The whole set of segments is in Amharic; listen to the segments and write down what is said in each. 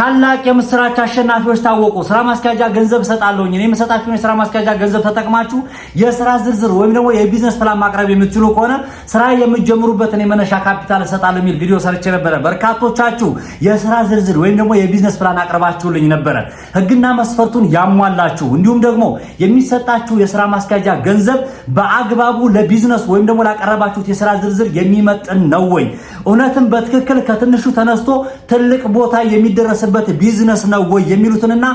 ታላቅ የምስራች አሸናፊዎች ታወቁ። ስራ ማስኪያጃ ገንዘብ እሰጣለሁኝ። እኔ የምሰጣችሁን የስራ ማስኪያጃ ገንዘብ ተጠቅማችሁ የስራ ዝርዝር ወይም ደግሞ የቢዝነስ ፕላን ማቅረብ የምትችሉ ከሆነ ስራ የምትጀምሩበትን የመነሻ ካፒታል እሰጣለሁ የሚል ቪዲዮ ሰርቼ ነበረ። በርካቶቻችሁ የስራ ዝርዝር ወይም ደግሞ የቢዝነስ ፕላን አቅርባችሁልኝ ነበረ። ህግና መስፈርቱን ያሟላችሁ እንዲሁም ደግሞ የሚሰጣችሁ የስራ ማስኪያጃ ገንዘብ በአግባቡ ለቢዝነስ ወይም ደግሞ ላቀረባችሁት የስራ ዝርዝር የሚመጥን ነው ወይ? እውነትም በትክክል ከትንሹ ተነስቶ ትልቅ ቦታ የሚደረስ የሚደርስበት ቢዝነስ ነው ወይ የሚሉትንና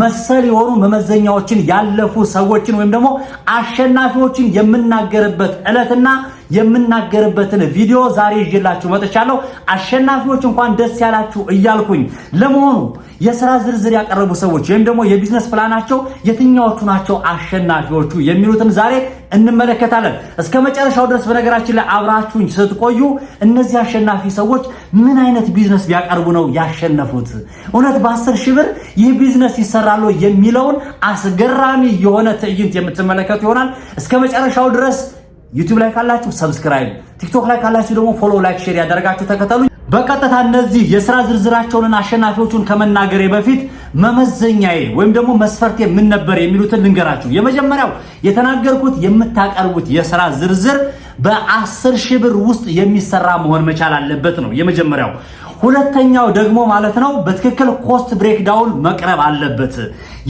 መሰል የሆኑ መመዘኛዎችን ያለፉ ሰዎችን ወይም ደግሞ አሸናፊዎችን የምናገርበት ዕለትና የምናገርበትን ቪዲዮ ዛሬ ይዤላችሁ መጥቻለሁ። አሸናፊዎች እንኳን ደስ ያላችሁ እያልኩኝ ለመሆኑ የስራ ዝርዝር ያቀረቡ ሰዎች ወይም ደግሞ የቢዝነስ ፕላናቸው የትኛዎቹ ናቸው አሸናፊዎቹ የሚሉትን ዛሬ እንመለከታለን። እስከ መጨረሻው ድረስ በነገራችን ላይ አብራችሁኝ ስትቆዩ እነዚህ አሸናፊ ሰዎች ምን አይነት ቢዝነስ ቢያቀርቡ ነው ያሸነፉት፣ እውነት በአስር ሺህ ብር ይህ ቢዝነስ ይሰራሉ የሚለውን አስገራሚ የሆነ ትዕይንት የምትመለከቱ ይሆናል። እስከ መጨረሻው ድረስ ዩቲዩብ ላይ ካላችሁ ሰብስክራይብ፣ ቲክቶክ ላይ ካላችሁ ደግሞ ፎሎ፣ ላይክ፣ ሼር ያደረጋችሁ ተከተሉ። በቀጥታ እነዚህ የስራ ዝርዝራቸውንና አሸናፊዎቹን ከመናገሬ በፊት መመዘኛዬ ወይም ደግሞ መስፈርቴ ምን ነበር የሚሉትን ልንገራችሁ። የመጀመሪያው የተናገርኩት የምታቀርቡት የስራ ዝርዝር በአስር ሺህ ብር ውስጥ የሚሰራ መሆን መቻል አለበት ነው የመጀመሪያው። ሁለተኛው ደግሞ ማለት ነው በትክክል ኮስት ብሬክዳውን መቅረብ አለበት።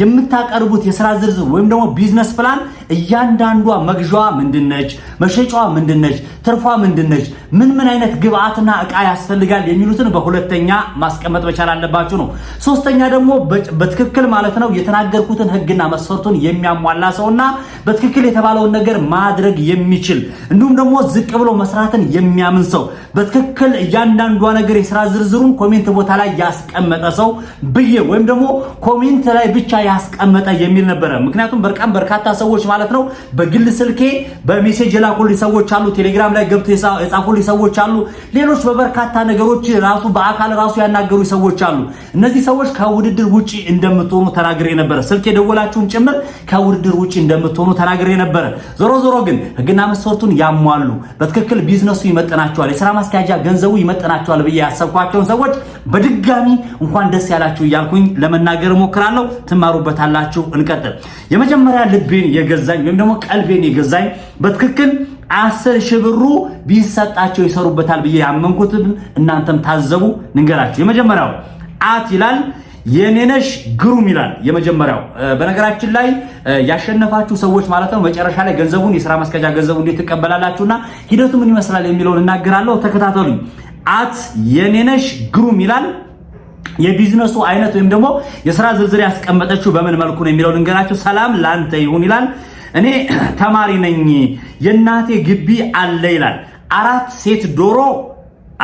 የምታቀርቡት የስራ ዝርዝር ወይም ደግሞ ቢዝነስ ፕላን እያንዳንዷ መግዣዋ ምንድነች፣ መሸጫዋ ምንድነች፣ ትርፏ ምንድነች፣ ምን ምን አይነት ግብአትና እቃ ያስፈልጋል የሚሉትን በሁለተኛ ማስቀመጥ መቻል አለባችሁ ነው። ሶስተኛ ደግሞ በትክክል ማለት ነው የተናገርኩትን ህግና መስፈርቱን የሚያሟላ ሰውና በትክክል የተባለውን ነገር ማድረግ የሚችል እንዲሁም ደግሞ ዝቅ ብሎ መስራትን የሚያምን ሰው በትክክል እያንዳንዷ ነገር የስራ ዝርዝር ዝርዝሩን ኮሜንት ቦታ ላይ ያስቀመጠ ሰው ብዬ ወይም ደግሞ ኮሜንት ላይ ብቻ ያስቀመጠ የሚል ነበረ። ምክንያቱም በጣም በርካታ ሰዎች ማለት ነው በግል ስልኬ በሜሴጅ የላኩልኝ ሰዎች አሉ፣ ቴሌግራም ላይ ገብቶ የጻፉልኝ ሰዎች አሉ፣ ሌሎች በበርካታ ነገሮች ራሱ በአካል ራሱ ያናገሩ ሰዎች አሉ። እነዚህ ሰዎች ከውድድር ውጪ እንደምትሆኑ ተናግሬ ነበረ። ስልክ የደወላችሁም ጭምር ከውድድር ውጪ እንደምትሆኑ ተናግሬ ነበረ። ዞሮ ዞሮ ግን ህግና መስፈርቱን ያሟሉ በትክክል ቢዝነሱ ይመጥናቸዋል፣ የስራ ማስኪያጃ ገንዘቡ ይመጥናቸዋል ብዬ ያሰብኳቸው የምታውቋቸውን ሰዎች በድጋሚ እንኳን ደስ ያላችሁ እያልኩኝ ለመናገር እሞክራለሁ። ትማሩበታላችሁ። እንቀጥል። የመጀመሪያ ልቤን የገዛኝ ወይም ደግሞ ቀልቤን የገዛኝ በትክክል አስር ሺህ ብሩ ቢሰጣቸው ይሰሩበታል ብዬ ያመንኩትን እናንተም ታዘቡ ንገራችሁ። የመጀመሪያው አት ይላል የኔነሽ ግሩም ይላል። የመጀመሪያው በነገራችን ላይ ያሸነፋችሁ ሰዎች ማለት ነው። መጨረሻ ላይ ገንዘቡን የስራ ማስኪያጃ ገንዘቡ እንዴት ትቀበላላችሁና ሂደቱ ምን ይመስላል የሚለውን እናገራለሁ። ተከታተሉኝ። አት የኔነሽ ግሩም ይላል። የቢዝነሱ አይነት ወይም ደግሞ የስራ ዝርዝር ያስቀመጠችው በምን መልኩ ነው የሚለው ልንገራችሁ። ሰላም ላንተ ይሁን ይላል። እኔ ተማሪ ነኝ የእናቴ ግቢ አለ ይላል። አራት ሴት ዶሮ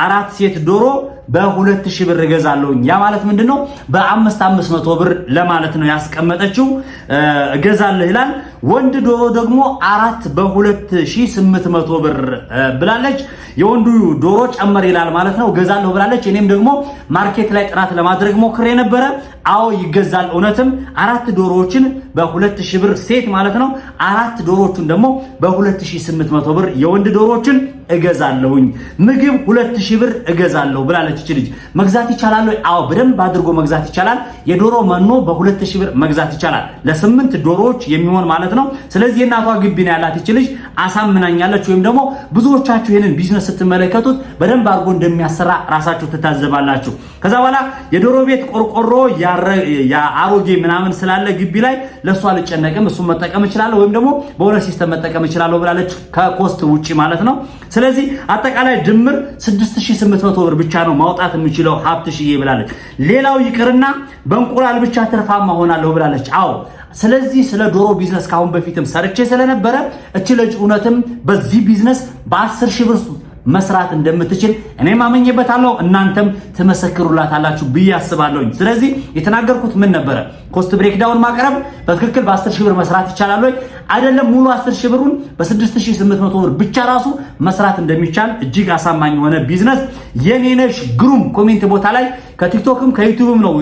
አራት ሴት ዶሮ በሁለት ሺህ ብር እገዛለሁኝ ያ ማለት ምንድነው? በአምስት አምስት መቶ ብር ለማለት ነው ያስቀመጠችው። እገዛለሁ ይላል። ወንድ ዶሮ ደግሞ አራት በሁለት ሺህ ስምንት መቶ ብር ብላለች። የወንዱ ዶሮ ጨመር ይላል ማለት ነው እገዛለሁ ብላለች። እኔም ደግሞ ማርኬት ላይ ጥናት ለማድረግ ሞክሬ ነበረ አዎ ይገዛል። እውነትም አራት ዶሮዎችን በ2000 ብር ሴት ማለት ነው። አራት ዶሮዎቹን ደግሞ በ2800 ብር የወንድ ዶሮዎችን እገዛለሁኝ። ምግብ 2000 ብር እገዛለሁ ብላለች ልጅ። መግዛት ይቻላል ወይ? አዎ በደንብ አድርጎ መግዛት ይቻላል። የዶሮ መኖ በ2000 ብር መግዛት ይቻላል። ለስምንት ዶሮዎች የሚሆን ማለት ነው። ስለዚህ የእናቷ ግቢ ነው ያላት ይች ልጅ አሳምናኛለች። ወይም ደግሞ ብዙዎቻችሁ ይህንን ቢዝነስ ስትመለከቱት በደንብ አድርጎ እንደሚያሰራ ራሳችሁ ትታዘባላችሁ። ከዛ በኋላ የዶሮ ቤት ቆርቆሮ ያ አሮጌ ምናምን ስላለ ግቢ ላይ ለእሱ አልጨነቅም፣ እሱ መጠቀም እችላለሁ፣ ወይም ደግሞ በሆነ ሲስተም መጠቀም እችላለሁ ብላለች፣ ከኮስት ውጪ ማለት ነው። ስለዚህ አጠቃላይ ድምር 6800 ብር ብቻ ነው ማውጣት የምችለው ሀብትሽዬ ብላለች። ሌላው ይቅርና በእንቁላል ብቻ ትርፋማ ሆናለሁ ብላለች። አዎ ስለዚህ ስለ ዶሮ ቢዝነስ ከአሁን በፊትም ሰርቼ ስለነበረ እች ልጅ እውነትም በዚህ ቢዝነስ በ10 ሺህ ብር መስራት እንደምትችል እኔም አመኝበታለሁ፣ እናንተም ትመሰክሩላታላችሁ ብዬ አስባለሁኝ። ስለዚህ የተናገርኩት ምን ነበረ? ኮስት ብሬክዳውን ማቅረብ በትክክል በ10 ሺህ ብር መስራት ይቻላል ወይ? አይደለም ሙሉ 10 ሺህ ብሩን በ6800 ብር ብቻ ራሱ መስራት እንደሚቻል እጅግ አሳማኝ የሆነ ቢዝነስ የኔነሽ ግሩም ኮሜንት ቦታ ላይ ከቲክቶክም ከዩቲዩብም ነው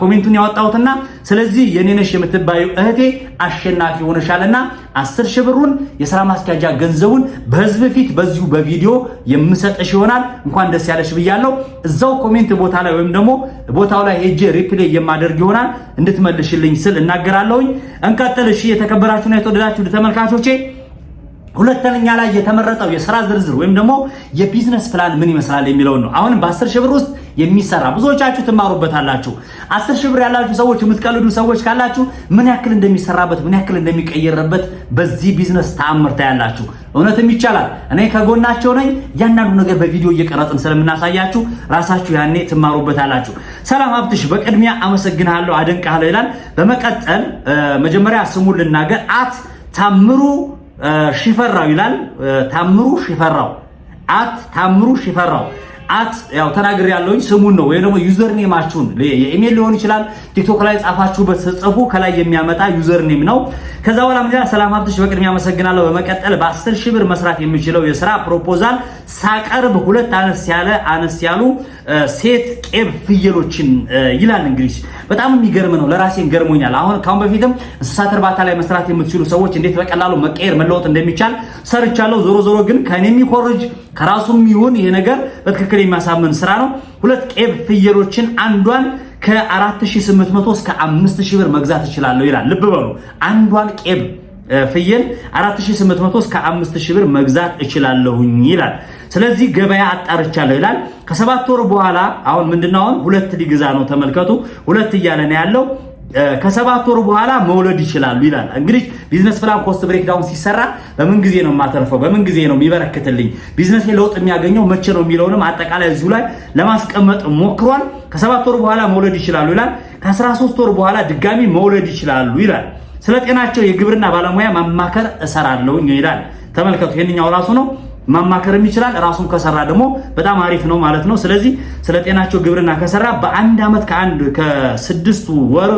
ኮሜንቱን ያወጣሁትና ስለዚህ የኔነሽ የምትባዩ እህቴ አሸናፊ ሆነሻልና 10 ሺህ ብሩን የስራ ማስኪያጃ ገንዘቡን በህዝብ ፊት በዚሁ በቪዲዮ የምሰጠሽ ይሆናል። እንኳን ደስ ያለሽ ብያለሁ። እዛው ኮሜንት ቦታ ላይ ወይም ደግሞ ቦታው ላይ ሄጄ ሪፕሌይ የማደርግ ይሆናል እንድት እንድትመልሽልኝ ስል እናገራለሁኝ። እንቀጥል። እሺ የተከበራችሁና የተወደዳችሁ ተመልካቾቼ ሁለተኛ ላይ የተመረጠው የስራ ዝርዝር ወይም ደግሞ የቢዝነስ ፕላን ምን ይመስላል የሚለውን ነው። አሁንም በአስር ሺህ ብር ውስጥ የሚሰራ ብዙዎቻችሁ ትማሩበታላችሁ። አስር ሺህ ብር ያላችሁ ሰዎች የምትቀልዱ ሰዎች ካላችሁ ምን ያክል እንደሚሰራበት ምን ያክል እንደሚቀየርበት በዚህ ቢዝነስ ተአምር ታያላችሁ። እውነትም ይቻላል። እኔ ከጎናቸው ነኝ። እያንዳንዱ ነገር በቪዲዮ እየቀረጽን ስለምናሳያችሁ ራሳችሁ ያኔ ትማሩበታላችሁ። ሰላም ሀብትሽ፣ በቅድሚያ አመሰግናለሁ አደንቃለሁ ይላል። በመቀጠል መጀመሪያ ስሙን ልናገር። አት ታምሩ ሽፈራው ይላል። ታምሩ ሽፈራው አት ታምሩ ሽፈራው አት ያው ተናግሬ ያለውኝ ስሙን ነው ወይ ደግሞ ዩዘር ኔማችሁን የኢሜል ሊሆን ይችላል። ቲክቶክ ላይ ጻፋችሁበት ስትጽፉ ከላይ የሚያመጣ ዩዘር ኔም ነው። ከዛ በኋላ ምንድነው ሰላም ሀብትሽ በቅድሚያ አመሰግናለሁ። በመቀጠል በ10 ሺህ ብር መስራት የሚችለው የስራ ፕሮፖዛል ሳቀርብ ሁለት አነስ ያለ አነስ ያሉ ሴት ቄብ ፍየሎችን ይላል። እንግዲህ በጣም የሚገርም ነው። ለራሴን ገርሞኛል። አሁን ካሁን በፊትም እንስሳት እርባታ ላይ መስራት የምትችሉ ሰዎች እንዴት በቀላሉ መቀየር መለወጥ እንደሚቻል ሰርቻለሁ። ዞሮ ዞሮ ግን ከኔ የሚኮርጅ ከራሱም ይሁን ይሄ ነገር በትክክል የሚያሳምን ስራ ነው። ሁለት ቄብ ፍየሎችን አንዷን ከ4800 እስከ 5000 ብር መግዛት እችላለሁ ይላል። ልብ በሉ አንዷን ቄብ ፍየል 4800 እስከ 5000 ብር መግዛት እችላለሁኝ ይላል። ስለዚህ ገበያ አጣርቻለሁ ይላል። ከሰባት ወር በኋላ አሁን ምንድነው? አሁን ሁለት ሊግዛ ነው። ተመልከቱ፣ ሁለት እያለ ነው ያለው ከሰባት ወር በኋላ መውለድ ይችላሉ ይላል። እንግዲህ ቢዝነስ ፕላን ኮስት ብሬክዳውን ሲሰራ በምን ጊዜ ነው የማተርፈው፣ በምን ጊዜ ነው የሚበረክትልኝ፣ ቢዝነሴ ለውጥ የሚያገኘው መቼ ነው የሚለውንም አጠቃላይ እዚሁ ላይ ለማስቀመጥ ሞክሯል። ከሰባት ወር በኋላ መውለድ ይችላሉ ይላል። ከ13 ወር በኋላ ድጋሚ መውለድ ይችላሉ ይላል። ስለ ጤናቸው የግብርና ባለሙያ ማማከር እሰራለሁ ይላል። ተመልከቱ፣ ይህንኛው ራሱ ነው። ማማከርም ይችላል። ራሱን ከሰራ ደግሞ በጣም አሪፍ ነው ማለት ነው። ስለዚህ ስለ ጤናቸው ግብርና ከሰራ በአንድ ዓመት ከአንድ ከስድስቱ ወር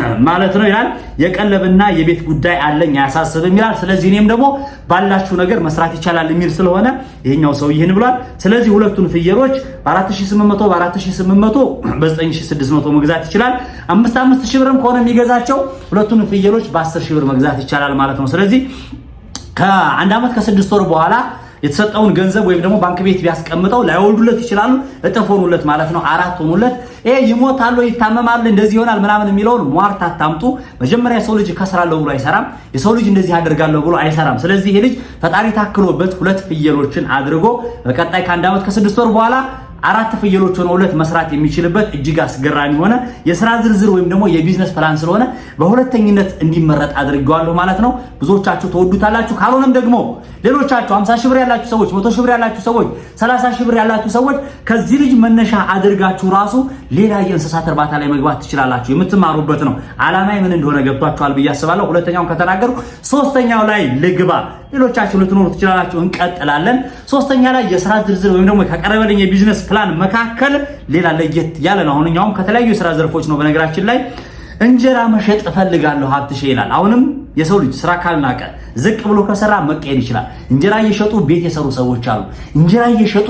ማለት ነው ይላል። የቀለብና የቤት ጉዳይ አለኝ አያሳስብም ይላል። ስለዚህ እኔም ደግሞ ባላችሁ ነገር መስራት ይቻላል የሚል ስለሆነ ይሄኛው ሰው ይህን ብሏል። ስለዚህ ሁለቱን ፍየሮች በ4800 በ4800 በ9600 መግዛት ይችላል። 5500 ብርም ከሆነ የሚገዛቸው ሁለቱን ፍየሮች በ10000 ብር መግዛት ይቻላል ማለት ነው። ስለዚህ ከአንድ ዓመት ከስድስት ወር በኋላ የተሰጠውን ገንዘብ ወይም ደግሞ ባንክ ቤት ቢያስቀምጠው ላይወልዱለት ይችላሉ። እጥፍ ሆኑለት ማለት ነው። አራት ሆኑለት። ይሄ ይሞታል፣ ይታመማል፣ እንደዚህ ይሆናል ምናምን የሚለውን ሟርት አታምጡ። መጀመሪያ የሰው ልጅ ከስራለሁ ብሎ አይሰራም። የሰው ልጅ እንደዚህ አደርጋለሁ ብሎ አይሰራም። ስለዚህ ይሄ ልጅ ፈጣሪ ታክሎበት ሁለት ፍየሎችን አድርጎ በቀጣይ ከአንድ ዓመት ከስድስት ወር በኋላ አራት ፍየሎች ሆነው ሁለት መስራት የሚችልበት እጅግ አስገራሚ የሆነ የስራ ዝርዝር ወይም ደግሞ የቢዝነስ ፕላን ስለሆነ በሁለተኝነት እንዲመረጥ አድርገዋለሁ ማለት ነው። ብዙዎቻችሁ ተወዱታላችሁ። ካልሆነም ደግሞ ሌሎቻችሁ 50 ሺህ ብር ያላችሁ ሰዎች፣ መቶ ሺህ ብር ያላችሁ ሰዎች፣ 30 ሺህ ብር ያላችሁ ሰዎች ከዚህ ልጅ መነሻ አድርጋችሁ ራሱ ሌላ የእንስሳት እርባታ ላይ መግባት ትችላላችሁ። የምትማሩበት ነው። አላማይ ምን እንደሆነ ገብቷችኋል ብዬ አስባለሁ። ሁለተኛውን ከተናገሩ ሶስተኛው ላይ ልግባ። ሌሎቻችሁ ልትኖሩ ትችላላችሁ። እንቀጥላለን። ሶስተኛ ላይ የስራ ዝርዝር ወይም ደግሞ ከቀረበልኝ የቢዝነስ ፕላን መካከል ሌላ ለየት ያለ ነው። አሁንኛውም ከተለያዩ የስራ ዘርፎች ነው። በነገራችን ላይ እንጀራ መሸጥ እፈልጋለሁ ሀብትሽ ይላል አሁንም የሰው ልጅ ስራ ካልናቀ ዝቅ ብሎ ከሰራ መቀየር ይችላል። እንጀራ እየሸጡ ቤት የሰሩ ሰዎች አሉ። እንጀራ እየሸጡ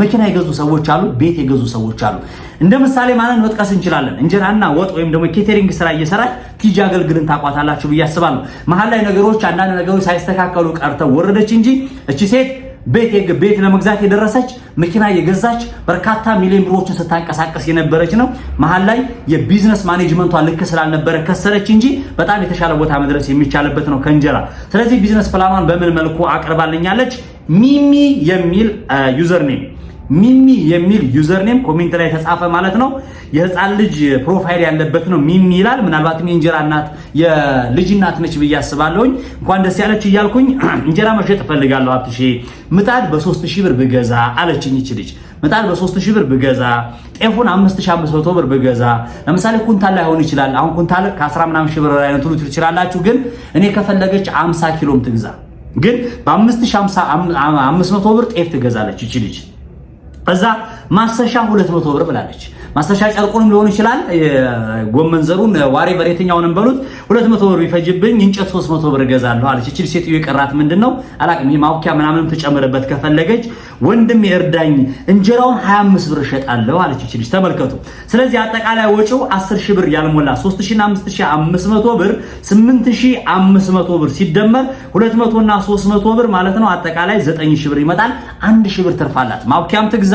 መኪና የገዙ ሰዎች አሉ። ቤት የገዙ ሰዎች አሉ። እንደ ምሳሌ ማለት መጥቀስ እንችላለን። እንጀራና ወጥ ወይም ደግሞ ኬቴሪንግ ስራ እየሰራች ቲጂ አገልግልን ታቋታላችሁ ብዬ አስባለሁ። መሀል ላይ ነገሮች አንዳንድ ነገሮች ሳይስተካከሉ ቀርተው ወረደች እንጂ እቺ ሴት ቤት ቤት ለመግዛት የደረሰች መኪና የገዛች በርካታ ሚሊዮን ብሮችን ስታንቀሳቀስ የነበረች ነው። መሀል ላይ የቢዝነስ ማኔጅመንቷ ልክ ስላልነበረ ከሰረች እንጂ በጣም የተሻለ ቦታ መድረስ የሚቻልበት ነው ከእንጀራ። ስለዚህ ቢዝነስ ፕላኗን በምን መልኩ አቅርባልኛለች? ሚሚ የሚል ዩዘር ኔም ሚሚ የሚል ዩዘርኔም ኮሜንት ላይ ተጻፈ ማለት ነው። የህፃን ልጅ ፕሮፋይል ያለበት ነው ሚሚ ይላል። ምናልባትም የእንጀራ እናት የልጅ እናት ነች ብዬ አስባለሁኝ። እንኳን ደስ ያለች እያልኩኝ እንጀራ መሸጥ እፈልጋለሁ ሀብትሽ ምጣድ በሶስት 3000 ብር ብገዛ አለችኝ ይች ልጅ ምጣድ በ3000 ብር ብገዛ ጤፉን 5500 ብር ብገዛ ለምሳሌ ኩንታል ላይሆን ይችላል። አሁን ኩንታል ከአስራ ምናምን ሺህ ብር ላይ ነው ትሉት ትችላላችሁ። ግን እኔ ከፈለገች 50 ኪሎም ትግዛ። ግን በ5500 ብር ጤፍ ትገዛለች ይች ልጅ እዛ ማሰሻ 200 ብር ብላለች። ማስተሻ ጨርቁንም ሊሆን ይችላል ጎመን ዘሩን ዋሬቨር የትኛውንም በሉት ሁለት መቶ ብር ቢፈጅብኝ እንጨት ሶስት መቶ ብር እገዛለሁ አለች። እችል ሴትዮ የቀራት ምንድን ነው አላቅም። ይሄ ማውኪያ ምናምንም ትጨምርበት ከፈለገች ወንድም የእርዳኝ እንጀራውን 25 ብር እሸጣለሁ አለች። እችል ተመልከቱ። ስለዚህ አጠቃላይ ወጪው 10 ሺህ ብር ያልሞላ 500 ብር 500 ብር ሲደመር 200 እና 300 ብር ማለት ነው አጠቃላይ 9000 ብር ይመጣል። አንድ ሺህ ብር ትርፋላት። ማውኪያም ትግዛ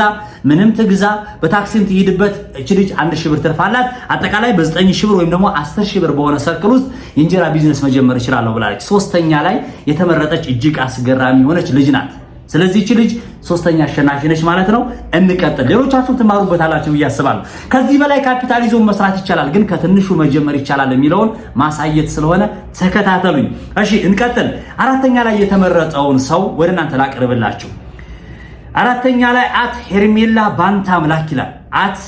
ምንም ትግዛ፣ በታክሲም ትሄድበት እች ልጅ አንድ ሺህ ብር ትርፋላት። አጠቃላይ በዘጠኝ ሺህ ብር ወይም ደግሞ አስር ሺህ ብር በሆነ ሰርክል ውስጥ የእንጀራ ቢዝነስ መጀመር እችላለሁ ብላለች። ሶስተኛ ላይ የተመረጠች እጅግ አስገራሚ የሆነች ልጅ ናት። ስለዚህ እች ልጅ ሶስተኛ አሸናፊ ነች ማለት ነው። እንቀጥል። ሌሎቻችሁ ትማሩበታላችሁ ብዬ አስባለሁ። ከዚህ በላይ ካፒታል ይዞ መስራት ይቻላል፣ ግን ከትንሹ መጀመር ይቻላል የሚለውን ማሳየት ስለሆነ ተከታተሉኝ። እሺ፣ እንቀጥል። አራተኛ ላይ የተመረጠውን ሰው ወደ እናንተ ላቅርብላችሁ። አራተኛ ላይ አት ሄርሜላ ባንታ አምላክ ይላል። አት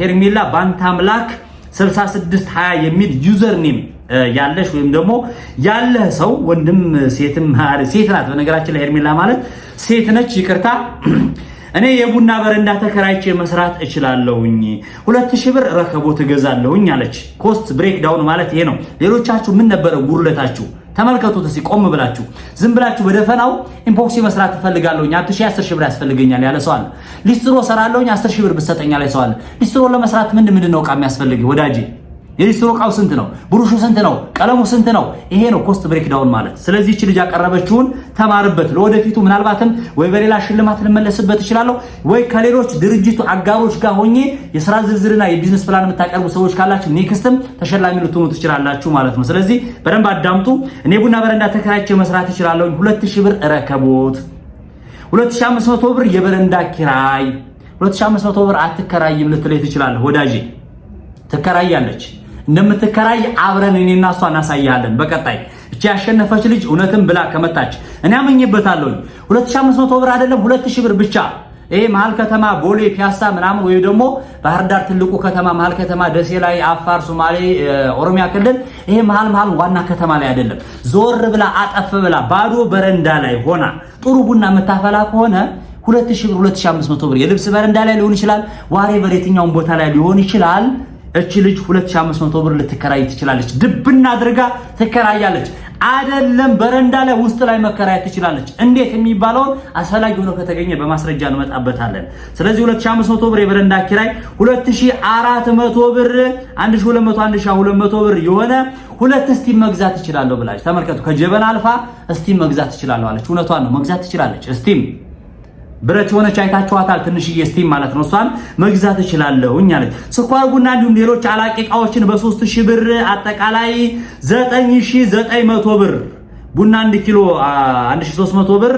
ሄርሜላ ባንታ አምላክ 6620 የሚል ዩዘር ኔም ያለሽ ወይም ደግሞ ያለህ ሰው ወንድም ሴትም ሴት ናት። በነገራችን ላይ ሄርሜላ ማለት ሴት ነች። ይቅርታ እኔ የቡና በረንዳ ተከራይቼ መስራት እችላለሁኝ፣ ሁለት ሺህ ብር ረከቦ ትገዛለሁኝ አለች። ኮስት ብሬክ ዳውን ማለት ይሄ ነው። ሌሎቻችሁ ምን ነበረ ጉድለታችሁ? ተመልከቱ እስኪ ቆም ብላችሁ። ዝም ብላችሁ በደፈናው ኢምፖክሲ መስራት ትፈልጋለሁኝ አንተ ሺህ አስር ሺህ ብር ያስፈልገኛል ያለ ሰው አለ። ሊስትሮ ሰራለሁኝ፣ አስር ሺህ ብር ብሰጠኛ ያለ ሰው አለ። ሊስትሮ ለመስራት ምንድን ምንድን ነው ዕቃ የሚያስፈልግ ወዳጄ? የሊስትሮ እቃው ስንት ነው? ብሩሹ ስንት ነው? ቀለሙ ስንት ነው? ይሄ ነው ኮስት ብሬክዳውን ማለት። ስለዚህ እቺ ልጅ ያቀረበችውን ተማርበት። ለወደፊቱ ምናልባትም ወይ በሌላ ሽልማት ልመለስበት እችላለሁ ወይ ከሌሎች ድርጅቱ አጋሮች ጋር ሆኜ የስራ ዝርዝርና የቢዝነስ ፕላን የምታቀርቡ ሰዎች ካላችሁ ኔክስትም ተሸላሚ ልትሆኑ ትችላላችሁ ማለት ነው። ስለዚህ በደንብ አዳምጡ። እኔ ቡና በረንዳ ተከራይቼ መስራት እችላለሁ። 2000 ብር እረከቦት 2500 ብር የበረንዳ ኪራይ 2500 ብር አትከራይም ልትለይ ትችላለህ። ወዳጄ ትከራያለች። እንደምትከራይ አብረን እኔና እሷ እናሳያለን። በቀጣይ እቺ ያሸነፈች ልጅ እውነትም ብላ ከመጣች እኔ አመኝበታለሁ። 2500 ብር አይደለም 2000 ብር ብቻ ይሄ መሀል ከተማ ቦሌ ፒያሳ ምናምን ወይ ደግሞ ባህር ዳር ትልቁ ከተማ መሀል ከተማ ደሴ ላይ አፋር፣ ሶማሌ፣ ኦሮሚያ ክልል ይሄ መሀል መሀል ዋና ከተማ ላይ አይደለም። ዞር ብላ አጠፍ ብላ ባዶ በረንዳ ላይ ሆና ጥሩ ቡና የምታፈላ ከሆነ 2000 ብር 2500 ብር የልብስ በረንዳ ላይ ሊሆን ይችላል። ዋሬ በር የትኛውን ቦታ ላይ ሊሆን ይችላል እቺ ልጅ 2500 ብር ልትከራይ ትችላለች። ድብና አድርጋ ትከራያለች። አይደለም በረንዳ ላይ ውስጥ ላይ መከራየት ትችላለች። እንዴት የሚባለውን አስፈላጊ ሆኖ ከተገኘ በማስረጃ እንመጣበታለን። ስለዚህ 2500 ብር የበረንዳ ኪራይ፣ 2400 ብር፣ 1200፣ 1200 ብር የሆነ ሁለት እስቲም መግዛት ትችላለሁ ብላለች። ተመልከቱ። ከጀበና አልፋ እስቲም መግዛት ትችላለሁ አለች። እውነቷን ነው፣ መግዛት ትችላለች እስቲም። ብረት የሆነች አይታችኋታል፣ ትንሽ ስቲም ማለት ነው። እሷን መግዛት እችላለሁኝ አለች። ስኳር፣ ቡና እንዲሁም ሌሎች አላቂ እቃዎችን በ3000 ብር አጠቃላይ 9900 ብር ቡና 1 ኪሎ 1300 ብር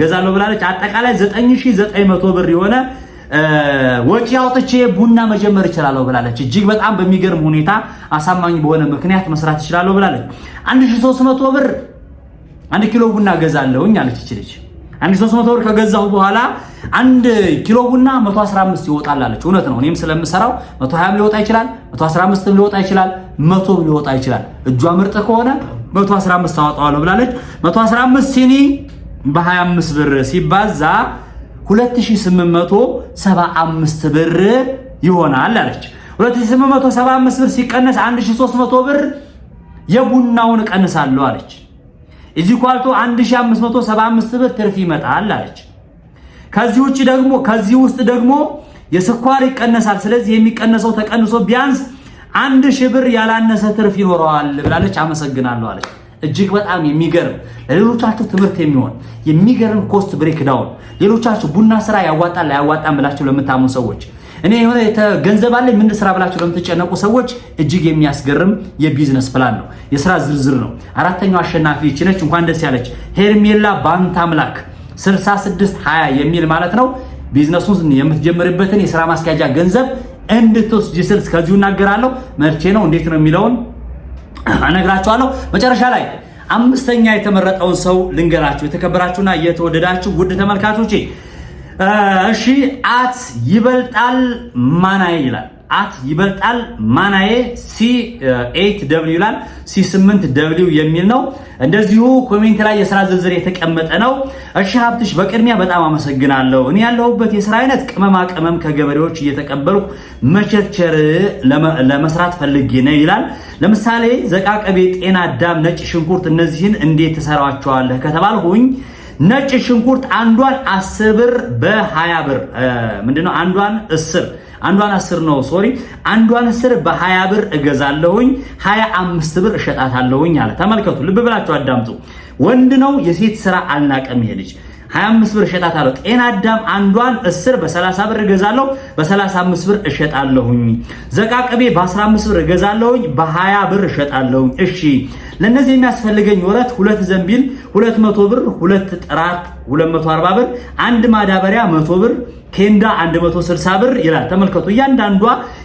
ገዛለሁ ብላለች። አጠቃላይ 9900 ብር የሆነ ወጪ አውጥቼ ቡና መጀመር እችላለሁ ብላለች። እጅግ በጣም በሚገርም ሁኔታ አሳማኝ በሆነ ምክንያት መስራት እችላለሁ ብላለች። 1300 ብር 1 ኪሎ ቡና ገዛለሁኝ አለች ይችልች አንድ 300 ብር ከገዛሁ በኋላ አንድ ኪሎ ቡና 115 ይወጣል አለች። እውነት ነው። እኔም ስለምሰራው 120 ሊወጣ ይችላል፣ 115 ሊወጣ ይችላል፣ 100 ሊወጣ ይችላል። እጇ ምርጥ ከሆነ 115 ታወጣዋለሁ ብላለች። 115 ሲኒ በ25 ብር ሲባዛ 2875 ብር ይሆናል አለች። 2875 ብር ሲቀነስ 1300 ብር የቡናውን እቀንሳለሁ አለች። እዚ ኳልቶ 1575 ብር ትርፍ ይመጣል አለች። ከዚህ ውጪ ደግሞ ከዚህ ውስጥ ደግሞ የስኳር ይቀነሳል። ስለዚህ የሚቀነሰው ተቀንሶ ቢያንስ አንድ ሺህ ብር ያላነሰ ትርፍ ይኖረዋል ብላለች። አመሰግናለሁ አለች። እጅግ በጣም የሚገርም ለሌሎቻችሁ ትምህርት የሚሆን የሚገርም ኮስት ብሬክ ዳውን። ሌሎቻችሁ ቡና ስራ ያዋጣል አያዋጣም ብላችሁ ለምታምኑ ሰዎች እኔ የሆነ ገንዘብ አለ ምን ስራ ብላችሁ ለምትጨነቁ ሰዎች እጅግ የሚያስገርም የቢዝነስ ፕላን ነው፣ የስራ ዝርዝር ነው። አራተኛው አሸናፊ ይህች ነች። እንኳን ደስ ያለች ሄርሜላ ባንታምላክ 6620 የሚል ማለት ነው። ቢዝነሱን የምትጀምርበትን የስራ ማስኪያጃ ገንዘብ እንድትወስጂ ስል ከዚሁ እናገራለሁ። መቼ ነው እንዴት ነው የሚለውን እነግራችኋለሁ። መጨረሻ ላይ አምስተኛ የተመረጠውን ሰው ልንገራችሁ። የተከበራችሁና የተወደዳችሁ ውድ ተመልካቾቼ እሺ አት ይበልጣል ማናዬ ይላል። አት ይበልጣል ማናዬ ሲ 8 ደብሊው ይላል። ሲ 8 ደብሊው የሚል ነው። እንደዚሁ ኮሜንት ላይ የስራ ዝርዝር የተቀመጠ ነው። እሺ ሀብትሽ፣ በቅድሚያ በጣም አመሰግናለሁ። እኔ ያለሁበት የስራ አይነት ቅመማ ቅመም ከገበሬዎች እየተቀበልኩ መቸርቸር ለመስራት ፈልጌ ነው ይላል። ለምሳሌ ዘቃቀቤ፣ ጤና አዳም፣ ነጭ ሽንኩርት እነዚህን እንዴት ትሰራቸዋለህ ከተባልሁኝ ነጭ ሽንኩርት አንዷን አስር ብር በሀያ ብር ምንድነው? አንዷን እስር አንዷን አስር ነው ሶሪ፣ አንዷን እስር በሀያ ብር እገዛለሁኝ፣ ሀያ አምስት ብር እሸጣታለሁኝ አለ። ተመልከቱ፣ ልብ ብላችሁ አዳምጡ። ወንድ ነው፣ የሴት ስራ አልናቀም ይሄ ልጅ 25 ብር እሸጣታለሁ። ጤና አዳም አንዷን እስር በ30 ብር እገዛለሁ፣ በ35 ብር እሸጣለሁኝ። ዘቃቅቤ በ15 ብር እገዛለሁኝ፣ በ20 ብር እሸጣለሁኝ። እሺ ለእነዚህ የሚያስፈልገኝ ወረት ሁለት ዘንቢል 200 ብር፣ ሁለት ጥራት 240 ብር፣ አንድ ማዳበሪያ 100 ብር ኬንዳ 160 ብር ይላል። ተመልከቱ እያንዳንዷ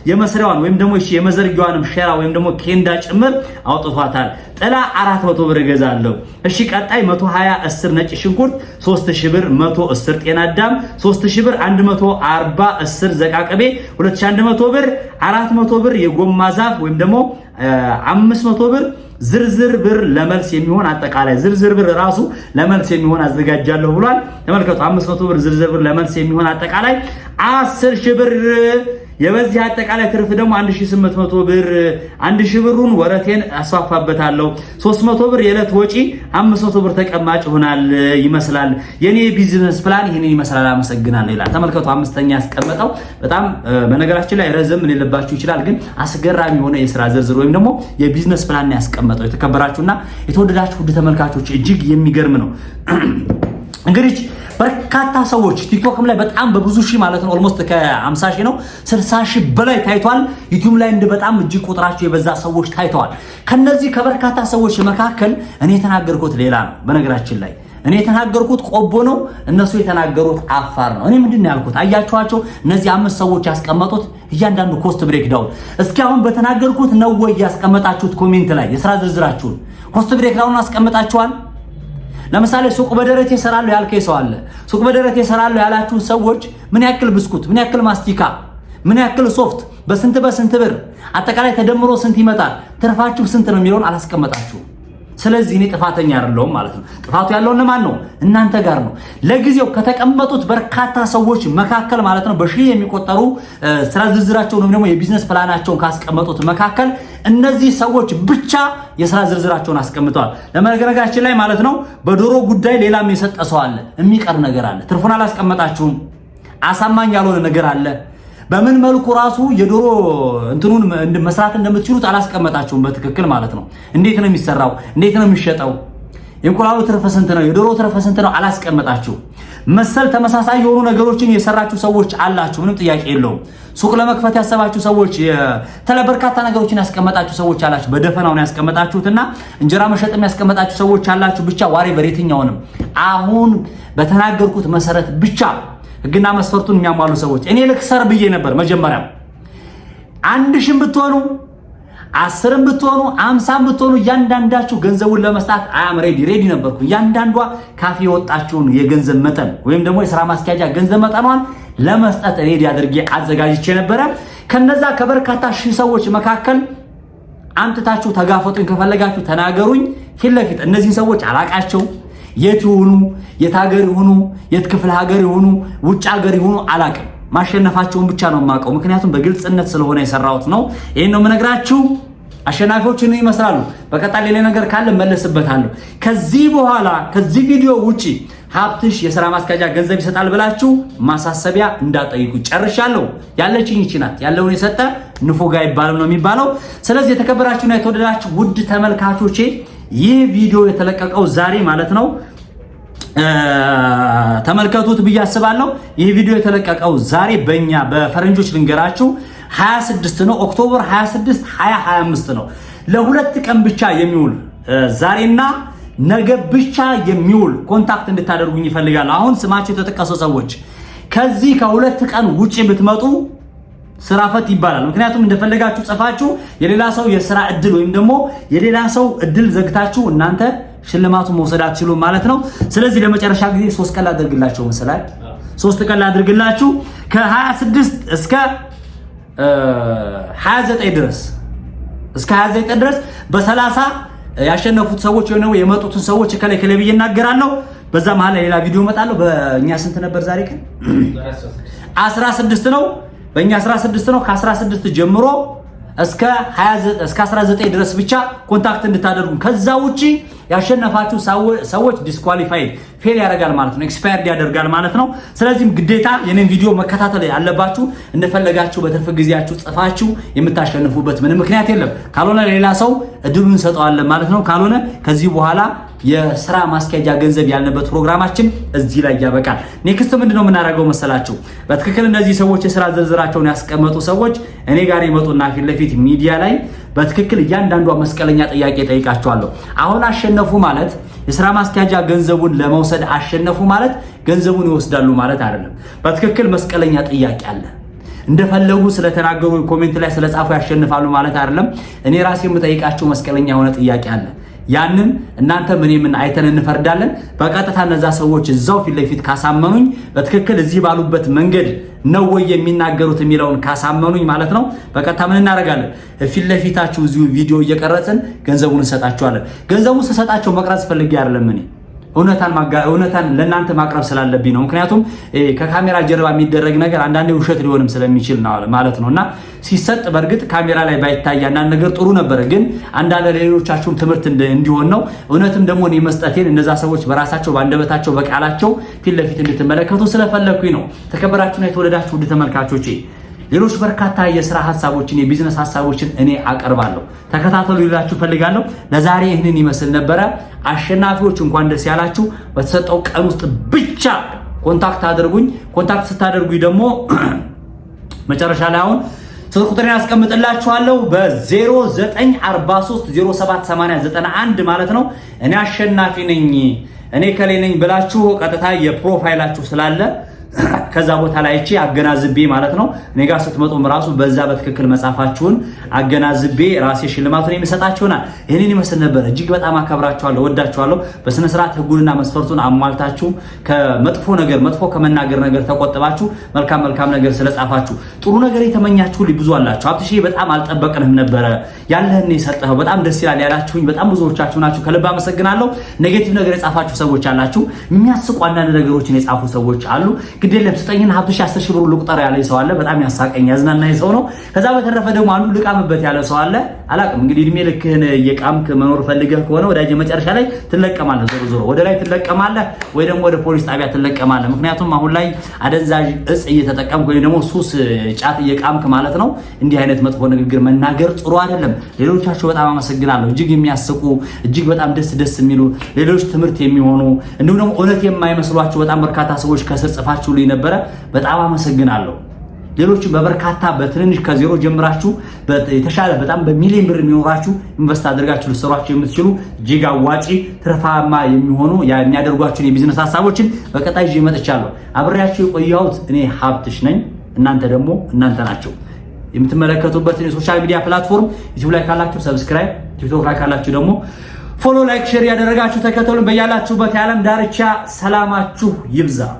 የመስሪያዋን ወይም ደግሞ እሺ የመዘርጊዋንም ሼራ ወይም ደግሞ ኬንዳ ጭምር አውጥቷታል። ጥላ 400 ብር እገዛለሁ። እሺ ቀጣይ 120 እስር ነጭ ሽንኩርት 3000 ብር፣ 100 እስር ጤና አዳም 3000 ብር፣ 140 እስር ዘቃቅቤ 2100 ብር፣ 400 ብር የጎማ ዛፍ ወይም ደግሞ 500 ብር ዝርዝር ብር ለመልስ የሚሆን አጠቃላይ ዝርዝር ብር ራሱ ለመልስ የሚሆን አዘጋጃለሁ ብሏል። ተመልከቱ፣ 500 ብር ዝርዝር ብር ለመልስ የሚሆን አጠቃላይ 10 ሺህ ብር የበዚህ አጠቃላይ ትርፍ ደግሞ 1800 ብር 1000 ብሩን ወረቴን አስፋፋበታለሁ 300 ብር የዕለት ወጪ 500 ብር ተቀማጭ ይሆናል ይመስላል የኔ ቢዝነስ ፕላን ይሄንን ይመስላል አመሰግናለሁ ይላል ተመልከቱ አምስተኛ ያስቀመጠው በጣም በነገራችን ላይ ረዘም ሊልባችሁ ይችላል ግን አስገራሚ የሆነ የስራ ዝርዝር ወይም ደግሞ የቢዝነስ ፕላን ያስቀመጠው የተከበራችሁና የተወደዳችሁ ውድ ተመልካቾች እጅግ የሚገርም ነው እንግዲህ በርካታ ሰዎች ቲክቶክም ላይ በጣም በብዙ ሺህ ማለት ነው ኦልሞስት ከ50 ሺህ ነው 60 ሺህ በላይ ታይቷል። ዩቲዩብ ላይ እንደ በጣም እጅግ ቁጥራቸው የበዛ ሰዎች ታይተዋል። ከነዚህ ከበርካታ ሰዎች መካከል እኔ የተናገርኩት ሌላ ነው። በነገራችን ላይ እኔ የተናገርኩት ቆቦ ነው፣ እነሱ የተናገሩት አፋር ነው። እኔ ምንድን ነው ያልኩት? አያችኋቸው እነዚህ አምስት ሰዎች ያስቀመጡት እያንዳንዱ ኮስት ብሬክ ዳውን። እስኪ አሁን በተናገርኩት ነው ወይ ያስቀመጣችሁት? ኮሜንት ላይ የስራ ዝርዝራችሁን ኮስት ብሬክ ዳውን አስቀምጣችኋል? ለምሳሌ ሱቅ በደረቴ ይሰራሉ ያልከኝ ሰው አለ። ሱቅ በደረቴ ይሰራሉ ያላችሁ ሰዎች ምን ያክል ብስኩት፣ ምን ያክል ማስቲካ፣ ምን ያክል ሶፍት በስንት በስንት ብር አጠቃላይ ተደምሮ ስንት ይመጣል፣ ትርፋችሁ ስንት ነው የሚለውን አላስቀመጣችሁም። ስለዚህ እኔ ጥፋተኛ አይደለሁም ማለት ነው። ጥፋቱ ያለው ለማን ነው? እናንተ ጋር ነው። ለጊዜው ከተቀመጡት በርካታ ሰዎች መካከል ማለት ነው በሺህ የሚቆጠሩ ስራ ዝርዝራቸውን ወይም ደግሞ የቢዝነስ ፕላናቸውን ካስቀመጡት መካከል እነዚህ ሰዎች ብቻ የስራ ዝርዝራቸውን አስቀምጠዋል። ለመነገራችን ላይ ማለት ነው በዶሮ ጉዳይ ሌላም የሰጠ ሰው አለ። የሚቀር ነገር አለ። ትርፉን አላስቀመጣችሁም። አሳማኝ ያልሆነ ነገር አለ። በምን መልኩ ራሱ የዶሮ እንትኑን መስራት እንደምትችሉት አላስቀመጣችሁም በትክክል ማለት ነው። እንዴት ነው የሚሰራው? እንዴት ነው የሚሸጠው? የእንቁላሉ ትርፍ ስንት ነው? የዶሮ ትርፍ ስንት ነው? አላስቀመጣችሁ። መሰል ተመሳሳይ የሆኑ ነገሮችን የሰራችሁ ሰዎች አላችሁ፣ ምንም ጥያቄ የለውም። ሱቅ ለመክፈት ያሰባችሁ ሰዎች፣ በርካታ ነገሮችን ያስቀመጣችሁ ሰዎች አላችሁ። በደፈናውን ያስቀመጣችሁትና እንጀራ መሸጥም ያስቀመጣችሁ ሰዎች አላችሁ። ብቻ ዋሬ በሬትኛውንም አሁን በተናገርኩት መሰረት ብቻ ህግና መስፈርቱን የሚያሟሉ ሰዎች እኔ ልክሰር ብዬ ነበር መጀመሪያ። አንድ ሺህም ብትሆኑ አስርም ብትሆኑ አምሳም ብትሆኑ እያንዳንዳችሁ ገንዘቡን ለመስጣት አያም ሬዲ ሬዲ ነበርኩ። እያንዳንዷ ካፊ የወጣችውን የገንዘብ መጠን ወይም ደግሞ የስራ ማስኪያጃ ገንዘብ መጠኗን ለመስጠት ሬዲ አድርጌ አዘጋጅቼ ነበረ። ከነዛ ከበርካታ ሺህ ሰዎች መካከል አምጥታችሁ ተጋፈጡኝ፣ ከፈለጋችሁ ተናገሩኝ ፊት ለፊት። እነዚህን ሰዎች አላቃቸው የት ይሆኑ የት ሀገር ይሆኑ የት ክፍለ ሀገር ይሆኑ ውጭ ሀገር ይሆኑ አላቅም። ማሸነፋቸውን ብቻ ነው የማውቀው፣ ምክንያቱም በግልጽነት ስለሆነ የሰራሁት ነው። ይህን ነው የምነግራችሁ። አሸናፊዎችን ይመስላሉ። በቀጣይ ሌላ ነገር ካለ መለስበታለሁ። ከዚህ በኋላ ከዚህ ቪዲዮ ውጪ ሀብትሽ የስራ ማስኬጃ ገንዘብ ይሰጣል ብላችሁ ማሳሰቢያ እንዳጠይቁ ጨርሻለሁ። ያለችኝ ይቺ ናት። ያለውን የሰጠ ንፉግ አይባልም ነው የሚባለው። ስለዚህ የተከበራችሁና የተወደዳችሁ ውድ ተመልካቾቼ ይህ ቪዲዮ የተለቀቀው ዛሬ ማለት ነው። ተመልከቱት ብዬ አስባለሁ። ይህ ቪዲዮ የተለቀቀው ዛሬ በእኛ በፈረንጆች ልንገራችሁ 26 ነው፣ ኦክቶበር 26 2025 ነው። ለሁለት ቀን ብቻ የሚውል ዛሬና ነገ ብቻ የሚውል ኮንታክት እንድታደርጉኝ ይፈልጋል። አሁን ስማቸው የተጠቀሰው ሰዎች ከዚህ ከሁለት ቀን ውጪ ብትመጡ ስራ ፈት ይባላል። ምክንያቱም እንደፈለጋችሁ ጽፋችሁ የሌላ ሰው የስራ እድል ወይም ደግሞ የሌላ ሰው እድል ዘግታችሁ እናንተ ሽልማቱን መውሰድ አትችሉ ማለት ነው። ስለዚህ ለመጨረሻ ጊዜ ሶስት ቀን ላድርግላችሁ መሰላል ሶስት ቀን ላድርግላችሁ ከ26 እስከ 29 ድረስ እስከ 29 ድረስ በሰላሳ ያሸነፉት ሰዎች ወይ ነው የመጡትን ሰዎች ከላይ ከላይ ብዬ እናገራለሁ። በዛ መሀል ሌላ ቪዲዮ እመጣለሁ። በእኛ ስንት ነበር ዛሬ ቀን? 16 ነው። በእኛ 16 ነው። ከ16 ጀምሮ እስከ 19 ድረስ ብቻ ኮንታክት እንድታደርጉ። ከዛ ውጪ ያሸነፋችሁ ሰዎች ዲስኳሊፋይድ ፌል ያደርጋል ማለት ነው፣ ኤክስፓየርድ ያደርጋል ማለት ነው። ስለዚህም ግዴታ የኔን ቪዲዮ መከታተል ያለባችሁ። እንደፈለጋችሁ በትርፍ ጊዜያችሁ ጽፋችሁ የምታሸንፉበት ምንም ምክንያት የለም። ካልሆነ ሌላ ሰው እድሉን እንሰጠዋለን ማለት ነው። ካልሆነ ከዚህ በኋላ የስራ ማስኪያጃ ገንዘብ ያልንበት ፕሮግራማችን እዚህ ላይ ያበቃል። ኔክስት ምንድነው የምናደርገው መሰላችሁ? በትክክል እነዚህ ሰዎች የስራ ዝርዝራቸውን ያስቀመጡ ሰዎች እኔ ጋር ይመጡና ፊት ለፊት ሚዲያ ላይ በትክክል እያንዳንዷ መስቀለኛ ጥያቄ ጠይቃቸዋለሁ። አሁን አሸነፉ ማለት የስራ ማስኪያጃ ገንዘቡን ለመውሰድ አሸነፉ ማለት ገንዘቡን ይወስዳሉ ማለት አይደለም። በትክክል መስቀለኛ ጥያቄ አለ። እንደፈለጉ ስለተናገሩ ኮሜንት ላይ ስለጻፉ ያሸንፋሉ ማለት አይደለም። እኔ ራሴ የምጠይቃቸው መስቀለኛ የሆነ ጥያቄ አለ። ያንን እናንተ ምን ምን አይተን እንፈርዳለን። በቀጥታ እነዛ ሰዎች እዛው ፊት ለፊት ካሳመኑኝ በትክክል እዚህ ባሉበት መንገድ ነው ወይ የሚናገሩት የሚለውን ካሳመኑኝ ማለት ነው። በቀጥታ ምን እናደርጋለን? ፊት ለፊታችሁ እዚሁ ቪዲዮ እየቀረጽን ገንዘቡን እንሰጣችኋለን። ገንዘቡን ስሰጣቸው መቅረጽ ፈልጌ አይደለም እኔ እውነታን ለእናንተ ማቅረብ ስላለብኝ ነው። ምክንያቱም ከካሜራ ጀርባ የሚደረግ ነገር አንዳንዴ ውሸት ሊሆንም ስለሚችል ማለት ነው እና ሲሰጥ በእርግጥ ካሜራ ላይ ባይታይ አንዳንድ ነገር ጥሩ ነበረ፣ ግን አንዳንድ ለሌሎቻችሁም ትምህርት እንዲሆን ነው። እውነትም ደግሞ እኔ መስጠቴን እነዛ ሰዎች በራሳቸው በአንደበታቸው በቃላቸው ፊት ለፊት እንድትመለከቱ ስለፈለግኩኝ ነው። ተከበራችሁና የተወደዳችሁ ውድ ተመልካቾቼ ሌሎች በርካታ የስራ ሀሳቦችን የቢዝነስ ሀሳቦችን እኔ አቀርባለሁ። ተከታተሉ ይላችሁ ፈልጋለሁ። ለዛሬ ይህንን ይመስል ነበረ። አሸናፊዎች እንኳን ደስ ያላችሁ። በተሰጠው ቀን ውስጥ ብቻ ኮንታክት አድርጉኝ። ኮንታክት ስታደርጉኝ ደግሞ መጨረሻ ላይ አሁን ስልክ ቁጥሬን ያስቀምጥላችኋለሁ በ0943078091 ማለት ነው። እኔ አሸናፊ ነኝ እኔ ከሌ ነኝ ብላችሁ ቀጥታ የፕሮፋይላችሁ ስላለ ከዛ ቦታ ላይ እቺ አገናዝቤ ማለት ነው እኔ ጋር ስትመጡም ራሱ በዛ በትክክል መጻፋችሁን አገናዝቤ ራሴ ሽልማቱን የሚሰጣችሁናል። ይህንን ይመስል ነበር። እጅግ በጣም አከብራችኋለሁ፣ ወዳችኋለሁ። በስነ ስርዓት ህጉንና መስፈርቱን አሟልታችሁ ከመጥፎ ነገር መጥፎ ከመናገር ነገር ተቆጥባችሁ መልካም መልካም ነገር ስለጻፋችሁ ጥሩ ነገር የተመኛችሁ ብዙ አላችሁ። አብትሽ በጣም አልጠበቅንም ነበረ ያለህን የሰጠኸው በጣም ደስ ይላል ያላችሁኝ በጣም ብዙዎቻችሁ ናችሁ። ከልብ አመሰግናለሁ። ኔጌቲቭ ነገር የጻፋችሁ ሰዎች አላችሁ። የሚያስቁ አንዳንድ ነገሮችን የጻፉ ሰዎች አሉ። ግዴለም ስጠኝን ሺ አስር ሺህ ብሩ ልቁጠር ያለኝ ሰው አለ። በጣም ያሳቀኝ ያዝናናኝ ሰው ነው። ከዛ በተረፈ ደግሞ አንዱ ልቃምበት ያለ ሰው አለ። አላቅም እንግዲህ እድሜ ልክህን የቃምክ መኖር ፈልገህ ከሆነ ወዳጅ መጨረሻ ላይ ትለቀማለህ። ዞሮ ዞሮ ወደ ላይ ትለቀማለህ ወይ ደግሞ ወደ ፖሊስ ጣቢያ ትለቀማለህ። ምክንያቱም አሁን ላይ አደንዛዥ እጽ እየተጠቀምክ ወይም ደግሞ ሱስ፣ ጫት እየቃምክ ማለት ነው። እንዲህ አይነት መጥፎ ንግግር መናገር ጥሩ አይደለም። ሌሎቻቸው በጣም አመሰግናለሁ። እጅግ የሚያስቁ እጅግ በጣም ደስ ደስ የሚሉ ሌሎች ትምህርት የሚሆኑ እንዲሁም ደግሞ እውነት የማይመስሏቸው በጣም በርካታ ሰዎች ከስር ጽፋችሁልኝ ነበረ። በጣም አመሰግናለሁ። ሌሎቹ በበርካታ በትንንሽ ከዜሮ ጀምራችሁ የተሻለ በጣም በሚሊዮን ብር የሚኖራችሁ ኢንቨስት አድርጋችሁ ልትሰሯቸው የምትችሉ እጅግ አዋጪ ትርፋማ የሚሆኑ የሚያደርጓችሁን የቢዝነስ ሀሳቦችን በቀጣይ ይዤ መጥቻለሁ። አብሬያችሁ የቆየሁት እኔ ሀብትሽ ነኝ። እናንተ ደግሞ እናንተ ናቸው የምትመለከቱበትን የሶሻል ሚዲያ ፕላትፎርም ዩቲዩብ ላይ ካላችሁ ሰብስክራይብ፣ ቲክቶክ ላይ ካላችሁ ደግሞ ፎሎ፣ ላይክ፣ ሼር ያደረጋችሁ ተከተሉን። በያላችሁበት የዓለም ዳርቻ ሰላማችሁ ይብዛ።